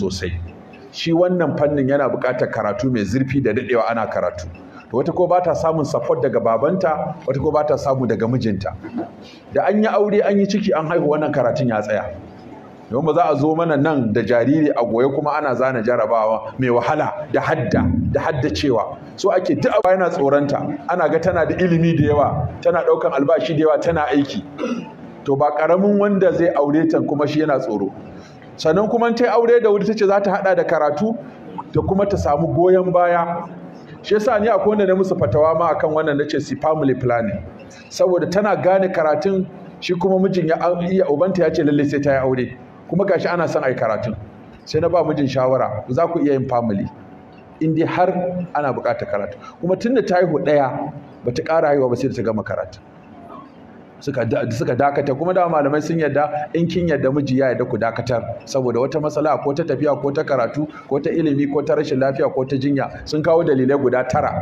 sosai shi wannan fannin yana buƙatar karatu mai zurfi da daɗewa ana karatu to wata ko ba samun support daga babanta wata ko ba samu daga mijinta da an yi aure an yi ciki an haihu wannan karatun ya tsaya don ba za a zo mana nan da jariri a goye kuma ana zana jarabawa mai wahala da hadda da haddacewa so ake duk abu yana tsoronta ana ga tana da ilimi da yawa tana ɗaukan albashi da yawa tana aiki to ba karamin wanda zai aure ta kuma shi yana tsoro sannan kuma ta aure da wuri tace za ta hada da karatu da kuma ta samu goyon baya shi yasa ni akwai wanda na musu fatawa ma akan wannan nace si family planning saboda tana gane karatun shi kuma mijin ya iya ubanta ya ce lalle sai ta yi aure kuma gashi ana son ai karatun sai na ba mijin shawara za ku iya yin family in dai har ana buƙatar karatu kuma tunda ta haihu ɗaya ba ta ƙara haihuwa ba sai da ta gama karatu suka dakata kuma da malamai sun yadda in kin yadda miji ya yadda ku dakatar saboda wata matsala ko ta tafiya ko ta karatu ko ta ilimi ko ta rashin lafiya ko ta jinya sun kawo dalilai guda tara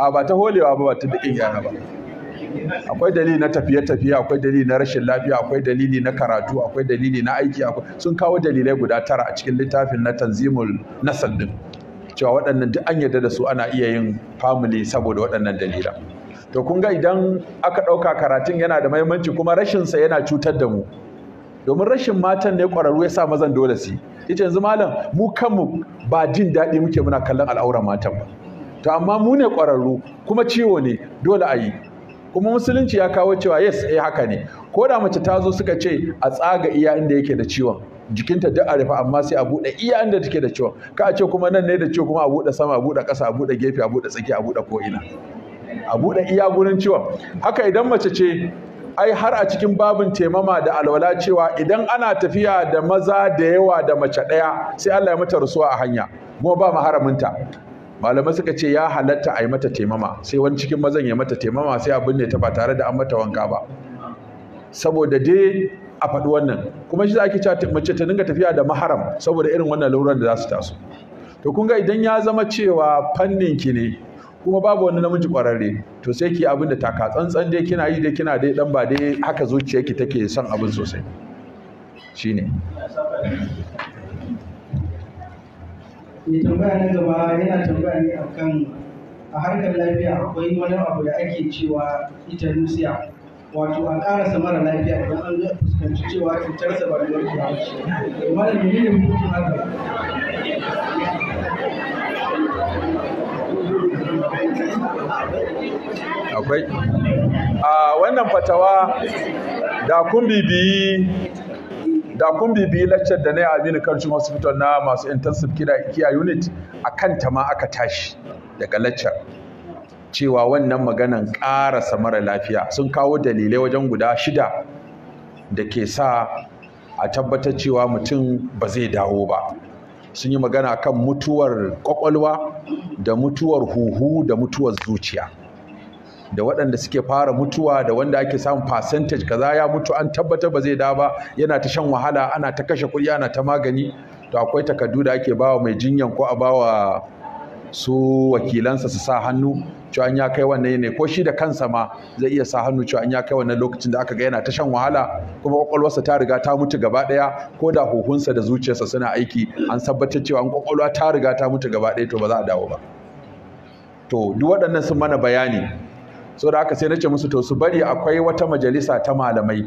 a ba ta holewa ba ba ta dakin yana ba akwai dalili na tafiye-tafiye akwai dalili na rashin lafiya akwai dalili na karatu akwai dalili na aiki sun kawo dalilai guda tara a cikin littafin na tanzimul nasal din cewa waɗannan duk an yarda da su ana iya yin family saboda waɗannan dalilai. to kun ga idan aka ɗauka karatun yana da mahimmanci kuma rashin sa yana cutar da mu domin rashin matan ne ƙwararru ya sa mazan dole su ita yanzu malam mu kanmu ba jin daɗi muke muna kallon al'auran matan ba to amma mu ne ƙwararru kuma ciwo ne dole a yi kuma musulunci ya kawo cewa yes eh haka ne ko da mace ta zo suka ce a tsaga iya inda yake da ciwon jikinta duk a rufe amma sai a buɗe iya inda take da ciwon ka a ce kuma nan ne da ciwo kuma a buɗe sama a buɗe ƙasa a buɗe gefe a buɗe tsaki a buɗe ko'ina a buɗe iya gurin ciwon haka idan mace ce ai har a cikin babin temama da alwala cewa idan ana tafiya da maza da yawa da mace ɗaya sai Allah ya mata rusuwa a hanya kuma ba maharaminta malamai suka ce ya halatta a yi mata taimama sai wani cikin mazan ya mata temama sai a binne ta ba tare da an mata wanka ba saboda dai a faɗi wannan kuma shi zaki ake mace ta dinga tafiya da maharam saboda irin wannan lauran da za su taso to kun ga idan ya zama cewa fannin ki ne kuma babu wani namiji kwararre to sai ki abin da taka tsantsan dai kina yi dai kina dai dan ba dai haka zuciyarki take son abin sosai shine mai tambaya na gaba yana tambaya ne a harkar lafiya akwai wani abu da ake cewa itanusiya wato a karasa mara lafiya don an fuskanci cewa cutarsa ba da warkewa ce. Malam menene mutum haka? akwai a wannan fatawa da kun bibiyi da kun bibiyi laccar da na yi aminu karshen hospital na masu intensive care unit a kanta ma aka tashi daga laccar cewa wannan maganan ƙarasa mara lafiya sun kawo dalilai wajen guda shida da ke sa a tabbatar cewa mutum ba zai dawo ba sun yi magana kan mutuwar kwakwalwa da mutuwar huhu da mutuwar zuciya da waɗanda suke fara mutuwa da wanda ake samun percentage kaza ya mutu an tabbatar ba zai da ba yana ta shan wahala ana ta kashe kuɗi ana ta magani to akwai takardu da ake bawa mai jinyan ko a bawa su wakilansa su sa hannu cewa ya kai wannan yanayi. ko shi da kansa ma zai iya sa hannu cewa ya kai wannan lokacin da aka ga yana ta shan wahala kuma kwakwalwarsa ta riga ta mutu gaba daya ko da huhunsa da zuciyarsa suna aiki an tabbatar cewa an kwakwalwa ta riga ta mutu gaba daya to ba za a dawo ba to duk waɗannan sun mana bayani so da aka sai na ce musu to su bari akwai wata majalisa ta malamai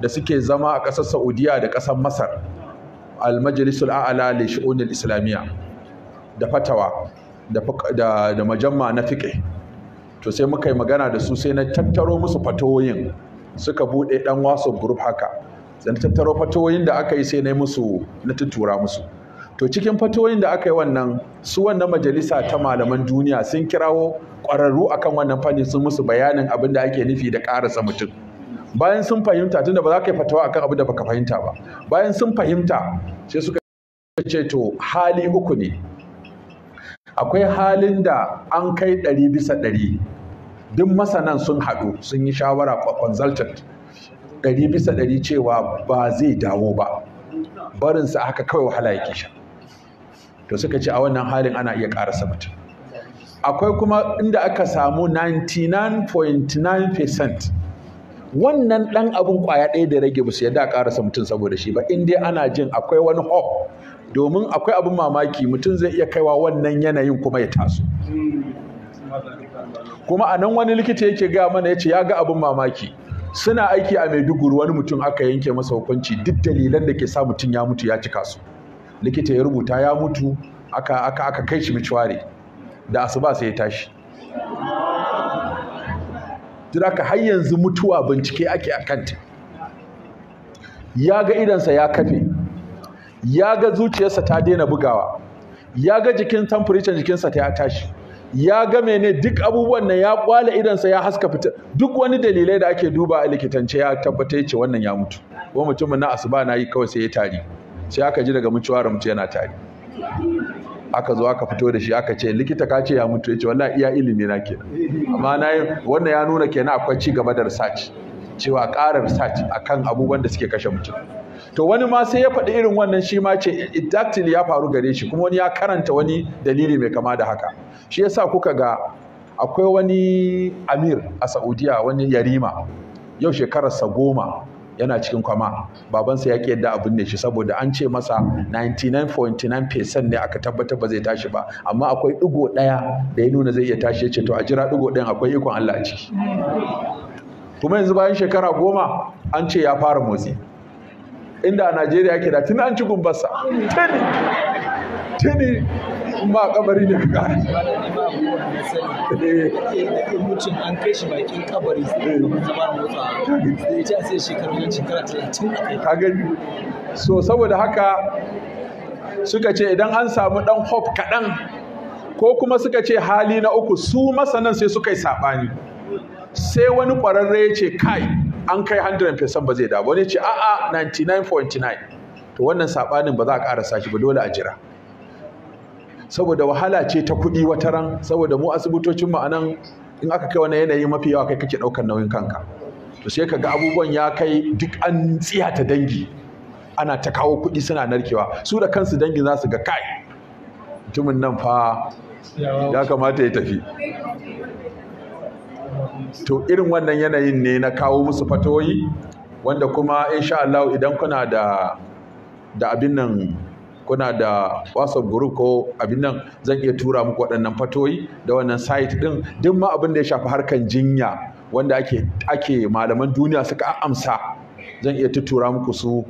da suke zama a ƙasar Saudiya da ƙasar Masar al-Majlisul A'la li Shu'unil Islamiyya da fatawa da majamma na fiƙe, to sai muka yi magana da su sai na tattaro musu fatoyin suka bude ɗan wasan grup haka sai na tattaro fatoyin da aka yi sai na musu na tuttura musu to cikin fatoyin da aka yi wannan su wannan majalisa ta malaman duniya sun kirawo ƙwararru akan wannan fannin sun musu bayanin abin da ake nufi da ƙarasa mutum bayan sun fahimta tunda ba za ka yi fatawa akan abin da baka fahimta ba bayan sun fahimta sai suka ce to hali uku ne akwai halin da an kai ɗari bisa ɗari duk masanan sun haɗu sun yi shawara consultant ɗari bisa ɗari cewa ba zai dawo ba barinsa haka kawai wahala yake sha to suka ce a wannan halin ana iya ƙarasa mutum akwai kuma inda aka samu 99.9% wannan ɗan abin ƙwaya ɗaya da rage ba su yadda a ƙarasa mutum saboda shi ba in dai ana jin akwai wani hope domin akwai abin mamaki mutum zai iya kaiwa wannan yanayin kuma ya taso kuma a nan wani likita yake gaya mana ya ce ya ga abin mamaki suna aiki a maiduguri wani mutum aka yanke masa hukunci duk dalilan da ke sa mutum ya mutu ya cika su likita ya rubuta ya mutu aka kai shi miciware da asuba sai ya tashi Diraka har yanzu mutuwa bincike ake a kanta ya ga idansa ya kafe ya ga zuciyarsa ta daina bugawa ya ga jikin temperature jikinsa ta tashi ya ga mene duk abubuwan nan ya kwala idansa ya haska fita duk wani dalilai da ake duba a likitance ya tabbata ya ce wannan ya mutu ko mutumin na asuba na yi kawai sai ya tari sai aka ji daga mutuwar mutu yana tari aka zo aka fito da shi aka ce likita ka ce ya mutu ya ce wallahi iya ilimi na ke? amma na yi wannan ya nuna kenan akwai ci gaba da research cewa ƙara research akan abubuwan da suke kashe mutum to wani ma sai ya faɗi irin wannan shi ma ce exactly ya faru gare shi kuma wani ya karanta wani dalili mai kama da haka shi yasa kuka ga akwai wani amir a Saudiya wani yarima yau shekararsa goma yana cikin kwama babansa ya ƙi yadda abin ne shi saboda an ce masa 99.9% ne aka tabbatar ba zai tashi ba amma akwai ɗigo ɗaya da ya nuna zai iya tashi ya ce to a jira ɗigo ɗayan akwai ikon Allah a ciki kuma yanzu bayan shekara goma an ce ya fara motsi inda a najeriya ke da tun an ci gumbarsa Tini, tuni ma kabari ne ka kare eh. mutum an kai shi eh. ka gani so saboda haka suka ce idan an samu dan hop kaɗan ko kuma suka ce hali na uku su masanan sai suka yi saɓani sai wani ƙwararre ya ce kai an kai 100% ba zai da wani ce a'a 99.9 to wannan sabanin ba za a karasa shi ba dole a jira saboda wahala ce ta kuɗi wata ran saboda mu asibitocin mu anan in aka kai wani yanayi mafi yawa kai kake ɗaukar nauyin kanka to sai kaga abubuwan ya kai duk an tsiya ta dangi ana ta kawo kuɗi suna narkewa su da kansu dangi za su ga kai mutumin nan fa ya kamata ya tafi to irin wannan yanayin ne na kawo musu fatoyi wanda kuma insha Allah idan kuna da da abin nan kuna da WhatsApp group ko abin nan zan iya tura muku waɗannan fatoyi da wannan site din duk ma abin da ya shafi harkan jinya wanda ake ake malaman duniya suka amsa zan iya tuttura muku su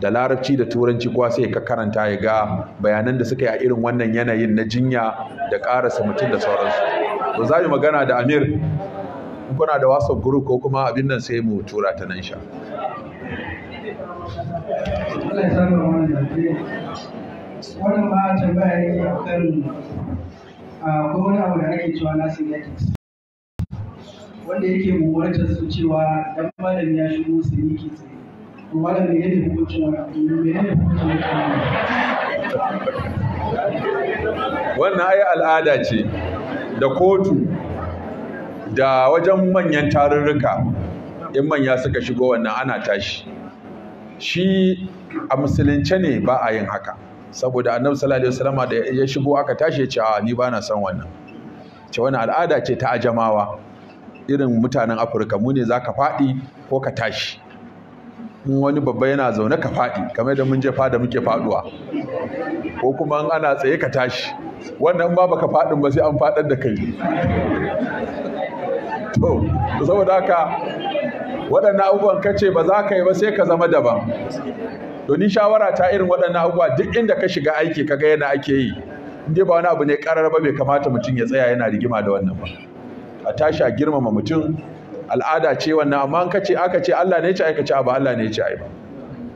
da larabci da turanci kuwa sai ka karanta ya ga bayanan da suka yi a irin wannan yanayin na jinya da ƙarasa mutum da sauransu. To za mu magana da Amir in kuna da whatsapp group ko kuma abin nan sai mu tura ta nan sha wannan ba tambaya ne akan ko wani abu da ake cewa lasin ethics wanda yake mummunatar su cewa dan malam ya shigo su yi kitse to malam ne yake hukuncin wani abu ne ne hukuncin wannan ai al'ada ce da kotu da wajen manyan tarurruka in manya suka shigo wannan ana tashi shi a musulunce ne ba a yin haka saboda annabi sallallahu alaihi wasallam da ya shigo aka tashi ya ce a ni ba na son wannan ce wannan al'ada ce ta ajamawa irin mutanen afirka mu ne za ka faɗi ko ka tashi in wani babba yana zaune ka faɗi kamar da mun je fada muke faduwa ko kuma ana tsaye ka tashi wannan ba baka faɗin ba sai an faɗar da kai to saboda haka waɗannan abubuwan kace ba za ka yi ba sai ka zama daban domin shawara ta irin waɗannan abubuwa duk inda ka shiga aiki ka ga yana ake yi inda ba wani abu ne karar ba bai kamata mutum ya tsaya yana rigima da wannan ba a tashi a girmama mutum al'ada ce wannan amma an kace aka ce Allah ne ya ce aika ci ba Allah ne ya ci ai ba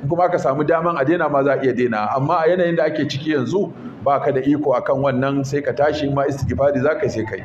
kuma aka samu daman a daina ma za a iya daina amma a yanayin da ake ciki yanzu ba ka da iko akan wannan sai ka tashi ma istighfari za ka sai kai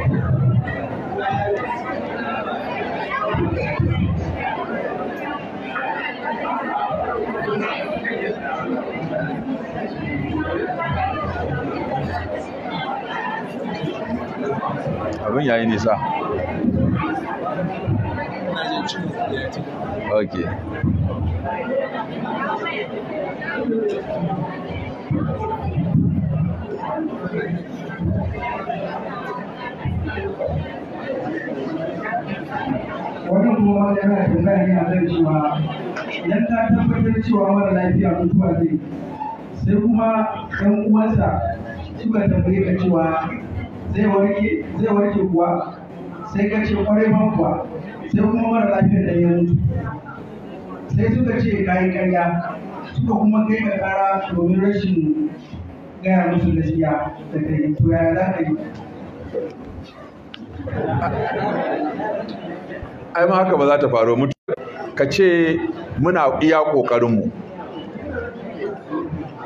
abin yayi nisa ok wani kuma yana tambaya ne a kan cewa idan ta tabbatar cewa mara lafiya mutuwa zai sai kuma ɗan uwansa suka tambaye ka cewa zai warke zai warke kuwa sai ka ce kwarai ban kuwa sai kuma mara lafiyar da ya mutu sai suka ce kayan karya suka kuma kai ka kara domin rashin gaya musu gaskiya da kai to yaya za ka yi ai ma haka ba za ta faru mutu ka ce muna iya ƙoƙarinmu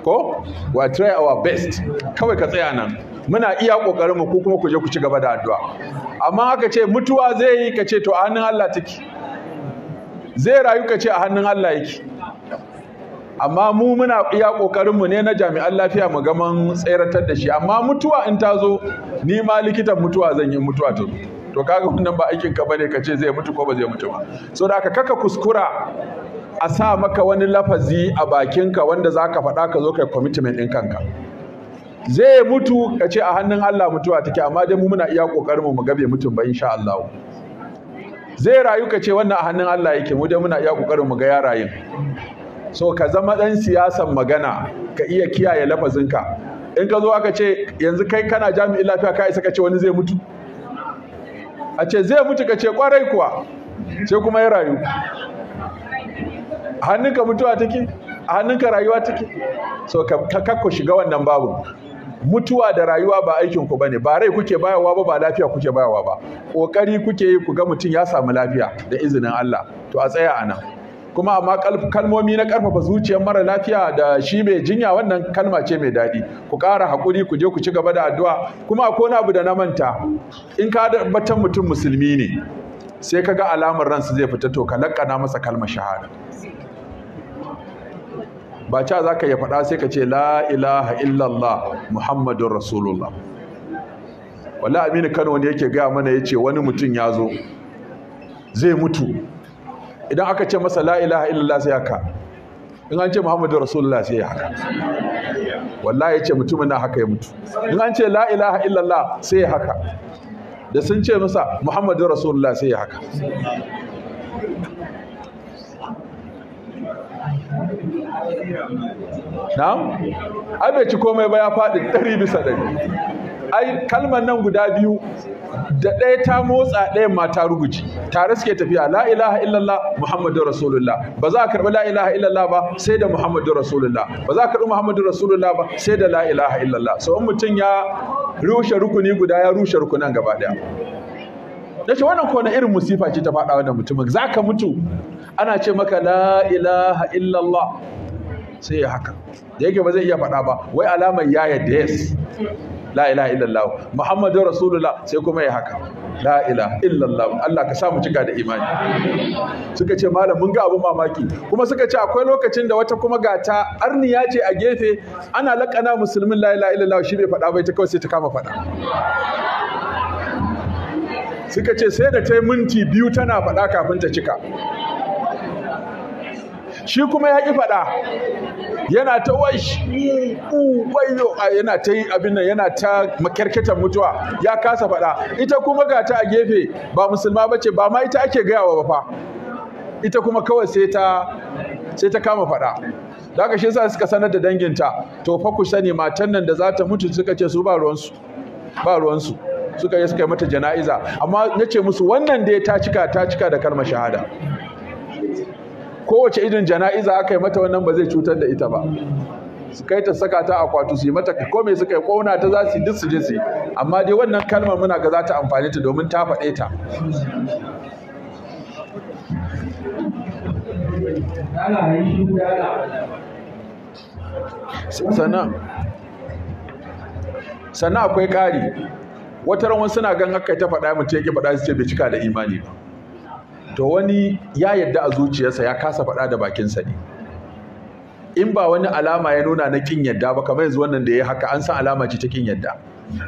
ko we try our best kawai ka tsaya nan muna iya kokarin mu ko kuma ku je ku ci gaba da addu'a amma aka ce mutuwa zai yi ka ce to a hannun Allah take zai rayu ka ce a hannun Allah yake amma mu muna iya kokarin mu ne na jami'an lafiya mu gaman tseratar da shi amma mutuwa in ta zo ni ma likitan mutuwa zan yi mutuwa ta to kaga wannan ba aikin ka bane ka ce zai mutu ko ba zai mutu ba so da kaka kuskura a sa maka wani lafazi a bakinka wanda zaka faɗa ka zo kai commitment ɗin kanka zai mutu ka ce a hannun Allah mutuwa take amma dai mu muna iya kokarin mu gabe mutum ba insha Allah zai rayu ka ce wannan a hannun Allah yake mu dai muna iya kokarin mu ga yarayin. so ka zama dan siyasan magana ka iya kiyaye lafazinka in ka zo aka ce yanzu kai kana jami'in lafiya ka isa ka ce wani zai mutu a ce zai mutu ka ce kwarai kuwa sai kuma ya rayu hannunka mutuwa take hannunka rayuwa take so ka kakko shiga wannan babu mutuwa da rayuwa ba aikin ku bane ba rai kuke bayawa ba ba lafiya kuke bayawa ba kokari kuke yi ku ga mutum ya samu lafiya da izinin Allah to a tsaya anan kuma amma kalmomi na karfafa zuciyar mara lafiya da shi mai jinya wannan kalma ce mai daɗi ku ƙara hakuri ku je ku ci gaba da addu'a kuma ko na abu da na manta in ka batan mutum musulmi ne sai ka ga alamar ransu zai fita to ka lakkana masa kalmar shahada ba ca za ka ya faɗa sai ka ce la ilaha illallah muhammadun rasulullah wala aminu kano wani yake gaya mana ya ce wani mutum ya zo zai mutu idan aka ce masa la ilaha illallah sai haka in an ce muhammadun rasulullah sai ya haka wallahi ya ce mutumin na haka ya mutu in an ce la ilaha illallah sai haka da sun ce masa muhammadun rasulullah sai ya haka na'am ai bai ci komai ba ya faɗi ɗari bisa ɗari ai kalmar nan guda biyu da ɗaya ta motsa ɗayan ma ta rubuci tare suke tafiya la ilaha illallah muhammadu rasulullah ba za a karɓi la ilaha illallah ba sai da muhammadu rasulullah ba za a karɓi muhammadu rasulullah ba sai da la ilaha illallah so in mutum ya rushe rukuni guda ya rushe rukunan gaba ɗaya ce wannan ko irin musifa ce ta faɗa wannan mutumin za ka mutu ana ce maka la ilaha illallah sai ya haka da yake ba zai iya faɗa ba wai alamar ya yadda yes la ilaha illallah muhammadu rasulullah sai kuma ya haka la ilaha illallah Allah ka sa mu cika da imani suka ce malam mun ga abun mamaki kuma suka ce akwai lokacin da wata kuma gata arniya ce a gefe ana laƙana musulmin la ilaha illallah shi bai faɗa bai ta kawai sai ta kama faɗa suka ce sai da ta yi minti biyu tana faɗa kafin ta cika shi kuma ya ƙi faɗa yana ta wai yana ta yi abin nan yana ta makarkata mutuwa ya kasa faɗa ita kuma ga ta a gefe ba musulma ba ce ba ma ita ake gayawa ba fa ita kuma kawai sai ta sai ta kama faɗa da shi yasa suka sanar da danginta to fa ku sani matan nan da za ta mutu suka ce su ba ruwansu ba ruwansu suka yi suka yi mata jana'iza amma nace musu wannan dai ta cika ta cika da kalmar shahada kowace irin jana'iza aka yi mata wannan ba zai cutar da ita ba su kai ta saka ta akwatu su yi mata ko me suka yi kona ta za su duk su je su amma dai wannan kalmar muna ga za ta amfani ta domin ta faɗe ta sannan akwai ƙari wata rawan suna gan haka ta faɗa mutum yake faɗa su ce bai cika da imani ba to wani ya yadda a zuciyarsa ya kasa faɗa da bakinsa ne in ba wani alama ya nuna na kin yadda ba kamar yanzu wannan da ya haka an san alama ce ta kin yadda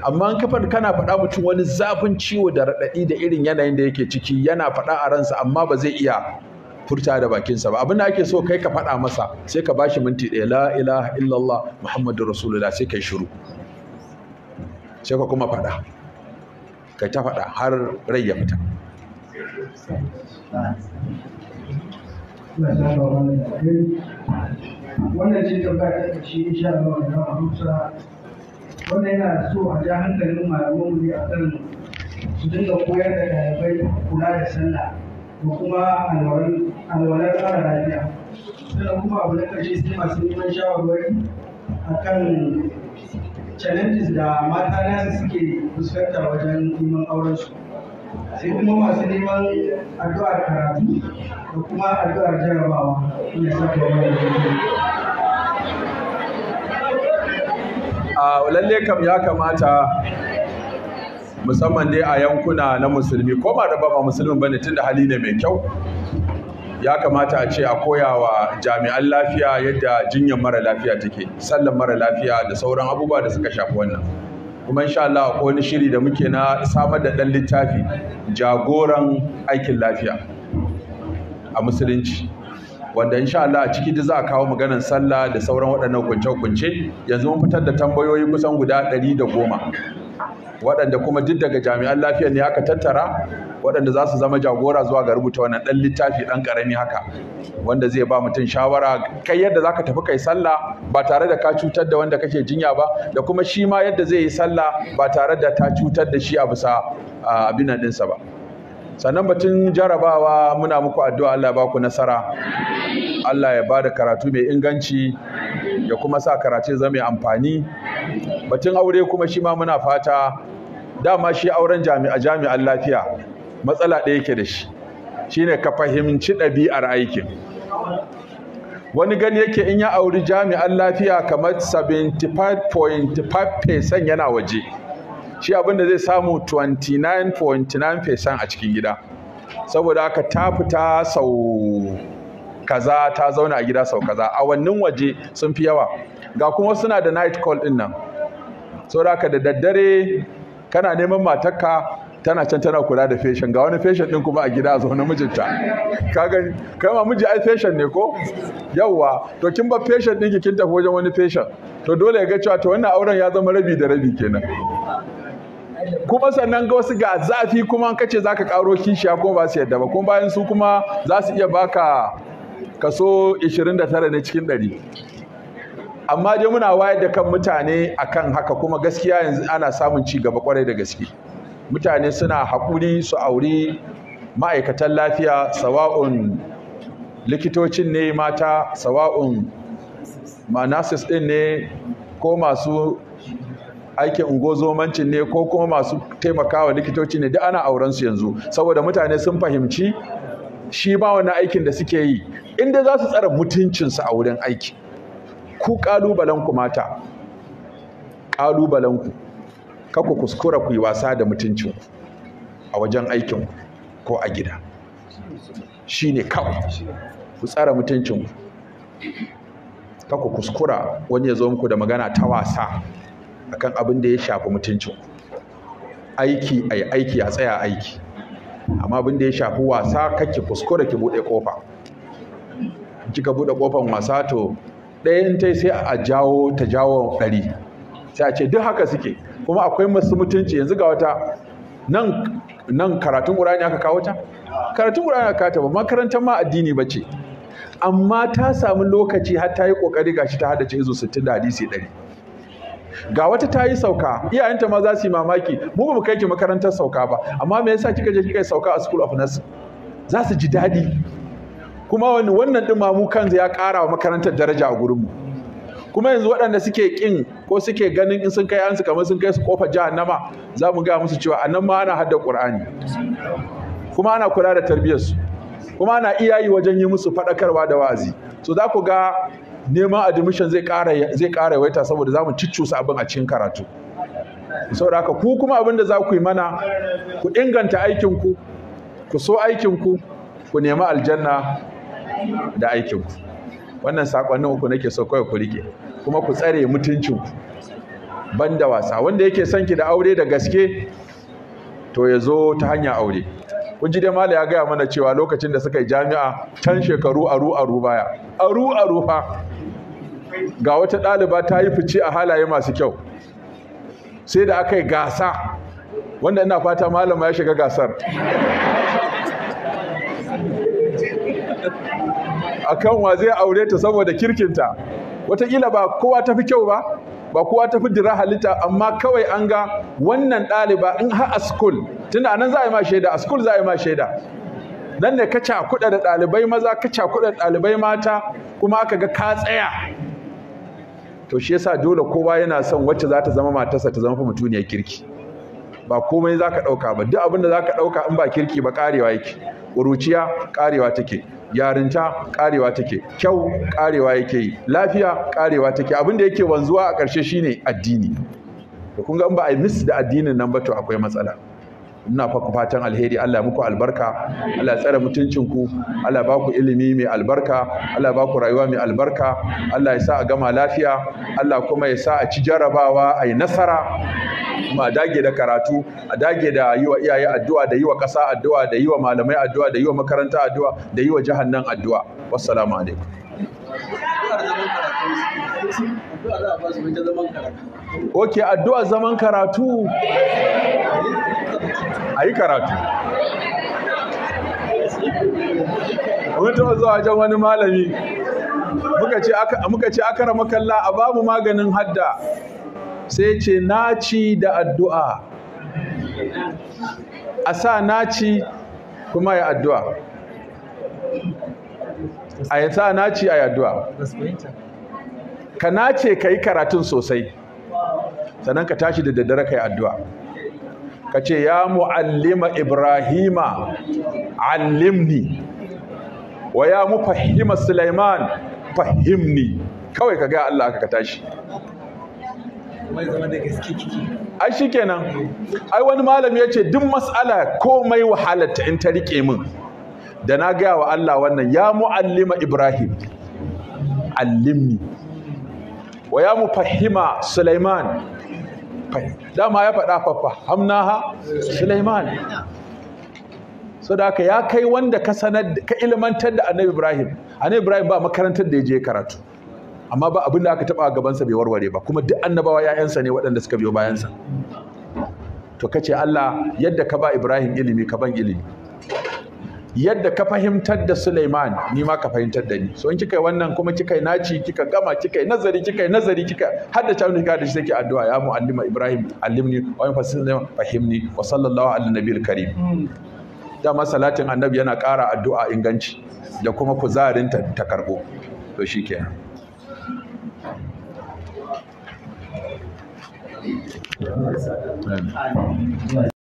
amma an kafar kana faɗa mutum wani zafin ciwo da raɗaɗi da irin yanayin da yake ciki yana faɗa a ransa amma ba zai iya furta da bakinsa ba abin da ake so kai ka faɗa masa sai ka bashi minti ɗaya la ilaha illallah muhammadu rasulullah sai kai shiru sai ka kuma faɗa kai ta faɗa har rai ya fita wannan ce tambaya ta ƙarshe insha Allah da Hausa wannan yana so a ja hankalin malaman mu a kan su dinga koyar da ɗalibai kula da sallah da kuma alwalar ƙara lafiya sannan kuma abu na ƙarshe sai masu neman shawarwari a kan challenges da mata nasu suke fuskanta wajen neman aurensu. sai kuma masu neman addu'ar karatu da kuma addu'ar jarabawa ya saka wani a lalle kam ya kamata musamman dai a yankuna na musulmi ko ba da ba ne tun tunda hali ne mai kyau ya kamata a ce a koya wa jami'an lafiya yadda jinyar mara lafiya take sallan mara lafiya da sauran abubuwa da suka shafi wannan kuma insha Allah akwai wani shiri da muke na samar da ɗan littafi jagoran aikin lafiya a musulunci wanda insha Allah a ciki za a kawo maganar sallah da sauran waɗannan kunce-kunce yanzu mun fitar da tambayoyi kusan guda ɗari da goma waɗanda kuma duk daga jami'an lafiya ne aka tattara waɗanda za su zama jagora zuwa ga rubuta wannan ɗan littafi ɗan ƙarami haka wanda zai ba mutum shawara kai yadda za ka tafi kai sallah ba tare da ka cutar da wanda kake jinya ba da kuma shi ma yadda zai yi sallah ba tare da ta cutar da shi a bisa abin ɗinsa ba sannan batun jarabawa muna muku addu'a Allah ya ba ku nasara Allah ya bada karatu mai inganci ya kuma sa karatu zama mai amfani batun aure kuma shi ma muna fata dama shi auren jami'a jami'an lafiya matsala ɗaya yake da shi shine ka fahimci ɗabi'ar aikin wani gani yake in ya auri jami'an lafiya kamar 75.5% yana waje shi abinda zai samu 29.9% a cikin gida saboda haka ta fita sau kaza ta zauna a gida sau kaza awannin waje sun fi yawa ga kuma suna da night call din nan sauraka da daddare kana neman matarka tana can tana kula da feshin ga wani feshin din kuma a gida a zaune mijinta ka gani kai ma miji ai feshin ne ko yawwa to kin ba feshin din kin tafi wajen wani feshin to dole ya ga cewa to wannan auren ya zama rabi da rabi kenan kuma sannan ga wasu ga zafi kuma kace zaka karo kishiya kuma ba su yadda ba kuma bayan su kuma za su iya baka kaso 29 ne cikin 100 amma dai muna wayar da kan mutane akan haka kuma gaskiya yanzu ana samun ci gaba kwarai da gaske mutane suna haƙuri su auri ma'aikatan lafiya sawa'un likitocin ne mata sawa'un manasis ɗin ne ko masu aikin ungozomancin ne ko kuma masu taimakawa likitoci ne duk ana auren su yanzu saboda mutane sun fahimci shi ba wani aikin da suke yi inda za su tsara mutuncinsu a wurin aiki ku ƙalubalenku mata ƙalubalenku kaku kuskura ku yi wasa da mutuncinku a wajen aikinku ko a gida shi ne kawo ku tsara mutuncinku kaku kuskura wani ya zo muku da magana ta wasa a kan abin da ya shafi mutuncinku aiki a yi aiki a tsaya aiki amma abin da ya shafi wasa kake kuskura ki buɗe ƙofa kika buɗe ƙofan wasa to ɗaya in ta sai a jawo ta jawo ɗari sai a ce duk haka suke kuma akwai masu mutunci yanzu ga wata nan nan karatun ƙur'ani aka kawo ta karatun ƙur'ani aka kawo ta ba makarantar ma addini ba ce amma ta samu lokaci har ta yi ƙoƙari ga shi ta hada cezo izo 60 da hadisi ɗari. ga wata ta yi sauka iyayenta ma za su yi mamaki mu ba mu kai ki makarantar sauka ba amma me yasa kika je kika yi sauka a school of nursing za su ji daɗi kuma wannan ɗin ma mu kanzu ya ƙara wa makarantar daraja a gurinmu kuma yanzu waɗanda suke ƙin ko suke ganin in sun kai yansu kamar sun kai su kofa jahannama za mu gaya musu cewa a nan ma ana hadda ƙur'ani kuma ana kula da tarbiyyarsu kuma ana iya yi wajen yi musu faɗakarwa da wa'azi so za ku ga neman admission zai ƙara zai yawaita saboda za mu ciccusa abin a cikin karatu saboda haka ku kuma abin da za ku yi mana ku inganta aikinku ku so aikinku ku nemi aljanna da aikinku wannan sakonnin uku nake so kawai ku rike kuma ku tsare mutuncinku banda wasa wanda yake son ki da aure da gaske to ya zo ta hanya aure kun ji dai mala ya gaya mana cewa lokacin da suka yi jami'a can shekaru aru aru baya aru aru fa ga wata ɗaliba ta yi fice a halaye masu kyau sai da aka yi gasa wanda ina fata malama ya shiga gasar kan wa zai aure ta saboda kirkinta wataƙila ba kowa tafi kyau ba ba kowa tafi dira halitta amma kawai an ga wannan ɗaliba in ha a school tunda anan za a yi ma shaida a school za a yi ma shaida dan ne ka cakuɗa da ɗalibai maza ka cakuɗa da ɗalibai mata kuma aka ga ka tsaya to shi yasa dole kowa yana son wacce za ta zama matarsa ta zama fa mutuniyar kirki ba komai za ka ɗauka ba duk abin da za ka ɗauka in ba kirki ba ƙarewa yake ƙuruciya ƙarewa take yarinta ƙarewa take kyau ƙarewa yake yi lafiya ƙarewa take abin da yake wanzuwa a ƙarshe shine addini da kun ga ba a yi da addinin nan ba to akwai matsala ina fatan alheri Allah muku albarka Allah ya tsare mutuncin ku Allah ya ku ilimi mai albarka Allah ya baku rayuwa mai albarka Allah ya sa a gama lafiya Allah kuma ya sa a ci jarabawa a yi nasara kuma a dage da karatu a dage da yi wa iyaye addu'a da yi wa ƙasa addu'a da yi wa malamai addu'a da yi wa makaranta addu'a da yi wa jahannan addu'a wassalamu alaikum Ok, addu'a zaman karatu. a yi karatu mun taɓa zuwa wajen wani malami muka ce rama makalla a babu maganin hadda sai ce naci da addu'a a sa naci kuma ya addu'a a yi sa naci a yi addu'a ka nace ka yi karatun sosai sannan ka tashi da daddare ka yi addu'a ka ce ya mu'allima ibrahima allimni wa ya mu fahima sulaiman fahimni kawai ka ga Allah ka tashi ai shi kenan ai wani malami ya ce duk mas'ala komai wahalarta in ta riƙe min da na gaya wa Allah wannan ya mu'allima ibrahim allimni wa ya mu fahima sulaiman dama ya faɗa faffa hamnaha Sulaiman so da haka ya kai wanda ka sanar ka ilmantar da Annabi Ibrahim Annabi Ibrahim ba makarantar da ya je karatu amma ba abin aka taba a sa bai warware ba kuma duk annabawa yayansa ne waɗanda suka biyo bayansa to kace Allah yadda ka ba Ibrahim ilimi ka ban ilimi yadda ka fahimtar da Suleiman ni ma ka fahimtar da ni so in kika yi wannan kuma kika yi naci kika gama kika yi nazari kika yi nazari kika hadda ta kika da shi take addu'a ya muallima Ibrahim allimni wa in fasilna fahimni wa sallallahu ala nabiyil karim dama salatin annabi yana ƙara addu'a inganci da kuma kuzarin ta, ta karbo to shikenan